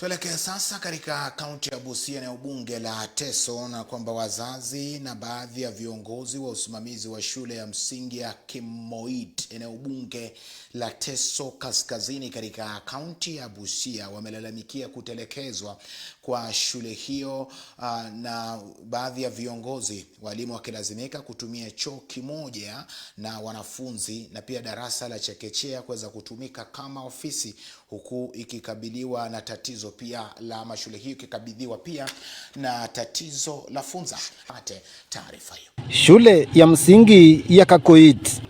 Tuelekee sasa katika kaunti ya Busia na ubunge la Teso, na kwamba wazazi na baadhi ya viongozi wa usimamizi wa shule ya msingi ya Kimoit eneo bunge la Teso Kaskazini katika kaunti ya Busia wamelalamikia kutelekezwa kwa shule hiyo, uh, na baadhi ya viongozi walimu wakilazimika kutumia choo kimoja na wanafunzi na pia darasa la chekechea kuweza kutumika kama ofisi, huku ikikabiliwa na tatizo tatizo pia la mashule hiyo ikikabidhiwa pia na tatizo la funza. Pate taarifa hiyo. Shule ya msingi ya Kakoit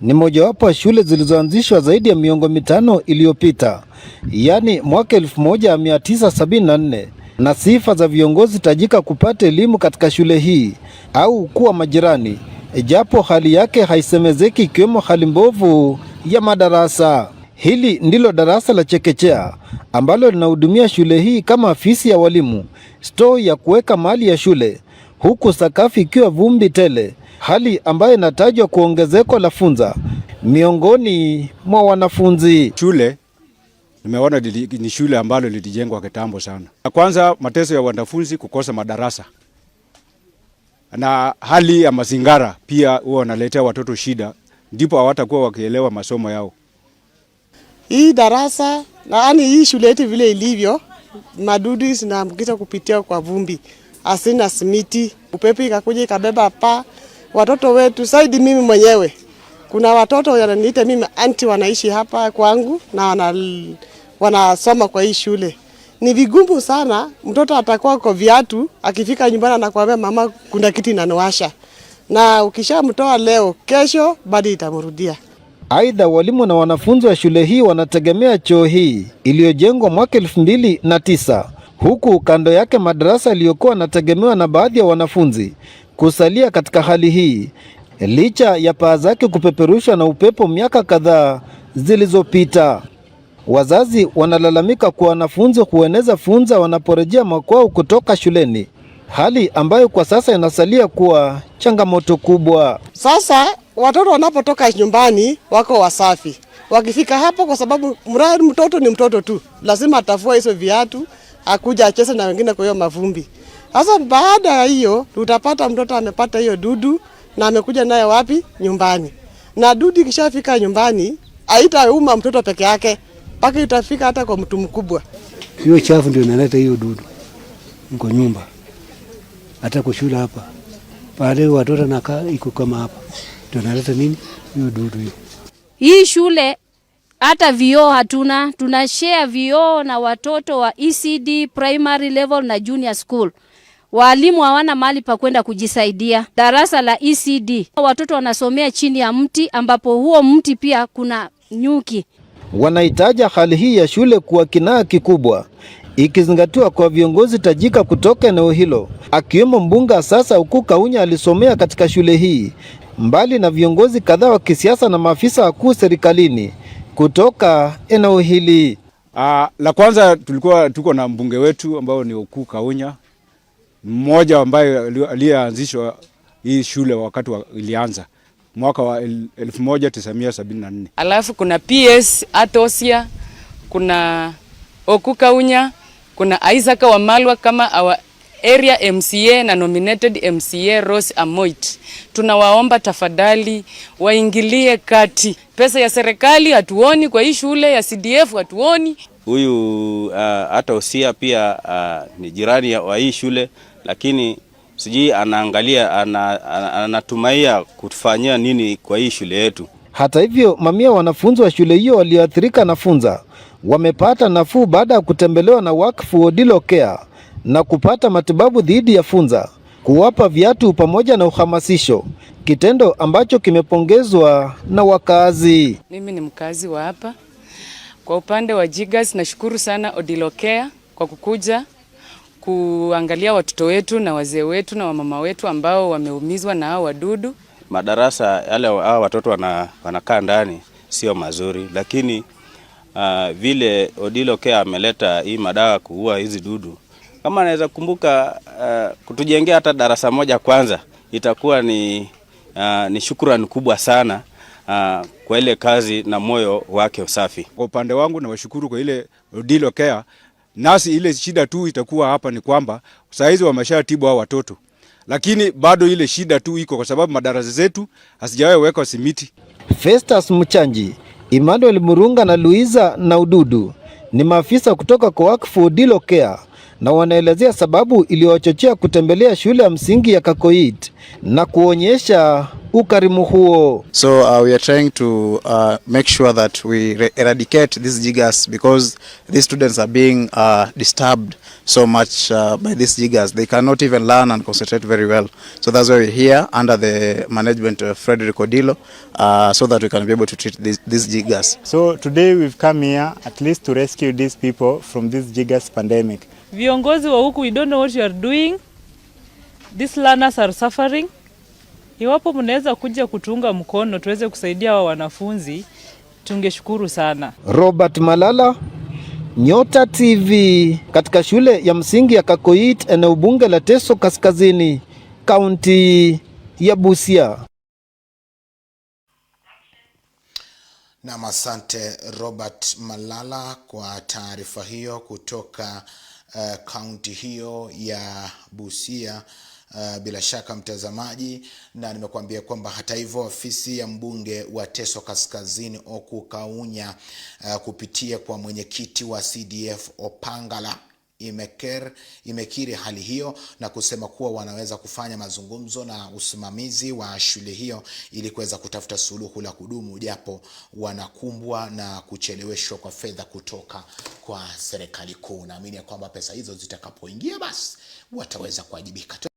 ni mojawapo ya shule zilizoanzishwa zaidi ya miongo mitano iliyopita, yaani mwaka 1974 na sifa za viongozi tajika kupata elimu katika shule hii au kuwa majirani, japo hali yake haisemezeki, ikiwemo hali mbovu ya madarasa. Hili ndilo darasa la chekechea ambalo linahudumia shule hii kama afisi ya walimu, store ya kuweka mali ya shule, huku sakafu ikiwa vumbi tele, hali ambayo inatajwa kuongezeko la funza miongoni mwa wanafunzi. Shule nimeona ni shule ambalo lilijengwa kitambo sana. Na kwanza mateso ya wanafunzi kukosa madarasa na hali ya mazingara pia huwa wanaletea watoto shida, ndipo hawatakuwa wakielewa masomo yao hii darasa na yani hii shule yetu vile ilivyo, madudu zinaambukiza kupitia kwa vumbi, asina simiti, upepo ikakuja ikabeba paa watoto wetu. Saidi mimi mwenyewe kuna watoto wananiita mimi anti, wanaishi hapa kwangu na wana, wanasoma kwa hii shule. Ni vigumu sana, mtoto atakuwa kwa viatu, akifika nyumbani anakuambia mama, kuna kitu inaniwasha, na ukishamtoa leo, kesho bado itamrudia. Aidha, walimu na wanafunzi wa shule hii wanategemea choo hii iliyojengwa mwaka elfu mbili na tisa huku kando yake madarasa yaliyokuwa yanategemewa na baadhi ya wanafunzi kusalia katika hali hii licha ya paa zake kupeperushwa na upepo miaka kadhaa zilizopita. Wazazi wanalalamika kuwa wanafunzi hueneza funza wanaporejea makwao kutoka shuleni, hali ambayo kwa sasa inasalia kuwa changamoto kubwa. Sasa watoto wanapotoka nyumbani wako wasafi, wakifika hapo, kwa sababu mradi mtoto ni mtoto tu, lazima atafua hizo viatu akuja acheze na wengine kwa hiyo mavumbi. Sasa baada ya hiyo tutapata mtoto amepata hiyo dudu na amekuja naye wapi? Nyumbani. Na dudu ikishafika nyumbani haitauma mtoto peke yake, mpaka itafika hata kwa mtu mkubwa. Hiyo chafu ndio inaleta hiyo dudu mko nyumba, hata shule hapa baadaye watoto nakaa iko kama hapa ndio nini hiyo dudu hiyo. Hii shule hata vioo hatuna, tunashare vioo na watoto wa ECD primary level na junior school. Walimu hawana mali pa kwenda kujisaidia. Darasa la ECD watoto wanasomea chini ya mti, ambapo huo mti pia kuna nyuki. wanahitaja hali hii ya shule kuwa kinaa kikubwa, ikizingatiwa kwa viongozi tajika kutoka eneo hilo, akiwemo mbunge sasa huku kaunya alisomea katika shule hii mbali na viongozi kadhaa wa kisiasa na maafisa wakuu serikalini kutoka eneo hili. Ah, la kwanza tulikuwa tuko na mbunge wetu ambao ni Okuu Kaunya, mmoja ambaye aliyeanzishwa hii shule wakati wa ilianza mwaka wa 1974. Alafu kuna PS Atosia, kuna Okuu Kaunya, kuna Isaac Wamalwa kama Area MCA na nominated MCA Rose Amoit, tunawaomba tafadhali waingilie kati. Pesa ya serikali hatuoni kwa hii shule ya CDF hatuoni. Huyu uh, hata usia pia uh, ni jirani wa hii shule, lakini sijui anaangalia anatumaia ana, ana kufanyia nini kwa hii shule yetu. Hata hivyo, mamia wanafunzi wa shule hiyo walioathirika na funza wamepata nafuu baada ya kutembelewa na wakfu Odilo Care na kupata matibabu dhidi ya funza, kuwapa viatu pamoja na uhamasisho, kitendo ambacho kimepongezwa na wakazi. Mimi ni mkazi wa hapa. Kwa upande wa Jigas, nashukuru sana Odilokea kwa kukuja kuangalia watoto wetu na wazee wetu na wamama wetu ambao wameumizwa na hao wadudu. Madarasa yale hao watoto wana, wanakaa ndani sio mazuri, lakini uh, vile Odilokea ameleta hii madawa kuua hizi dudu kama anaweza kumbuka uh, kutujengea hata darasa moja kwanza itakuwa ni, uh, ni shukrani kubwa sana uh, kwa ile kazi na moyo wake usafi. Kwa upande wangu nawashukuru kwa ile Odilo Care nasi, ile shida tu itakuwa hapa ni kwamba saizi wameshatibu hao watoto, lakini bado ile shida tu iko kwa sababu madarasa zetu hazijawahi wekwa simiti. Festus Mchanji, Emmanuel Murunga na Luiza na Ududu ni maafisa kutoka kwa wakfu Odilo Care na wanaelezea sababu iliyowachochea kutembelea shule ya msingi ya Kakoit na kuonyesha ukarimu huo. So uh, we are trying to uh, make sure that we eradicate these jiggers because these students are being uh, disturbed so much uh, by these jiggers. They cannot even learn and concentrate very well. So that's why we're here under the management of Frederick Odilo uh, so that we can be able to treat these, these jiggers. So today we've come here at least to rescue these people from this jiggers pandemic. Viongozi wa huku, we don't know what you are doing. These learners are suffering. Iwapo mnaweza kuja kutuunga mkono tuweze kusaidia wa wanafunzi tungeshukuru sana. Robert Malala, Nyota TV, katika shule ya msingi ya Kakoit, eneo bunge la Teso Kaskazini, kaunti ya Busia. Nam, asante Robert Malala kwa taarifa hiyo kutoka kaunti eh, uh, hiyo ya Busia. Uh, bila shaka mtazamaji, na nimekuambia kwamba hata hivyo ofisi ya mbunge wa Teso Kaskazini Oku Kaunya uh, kupitia kwa mwenyekiti wa CDF Opangala imeker, imekiri hali hiyo na kusema kuwa wanaweza kufanya mazungumzo na usimamizi wa shule hiyo ili kuweza kutafuta suluhu la kudumu, japo wanakumbwa na kucheleweshwa kwa fedha kutoka kwa serikali kuu. Naamini ya kwamba pesa hizo zitakapoingia, basi wataweza kuwajibika.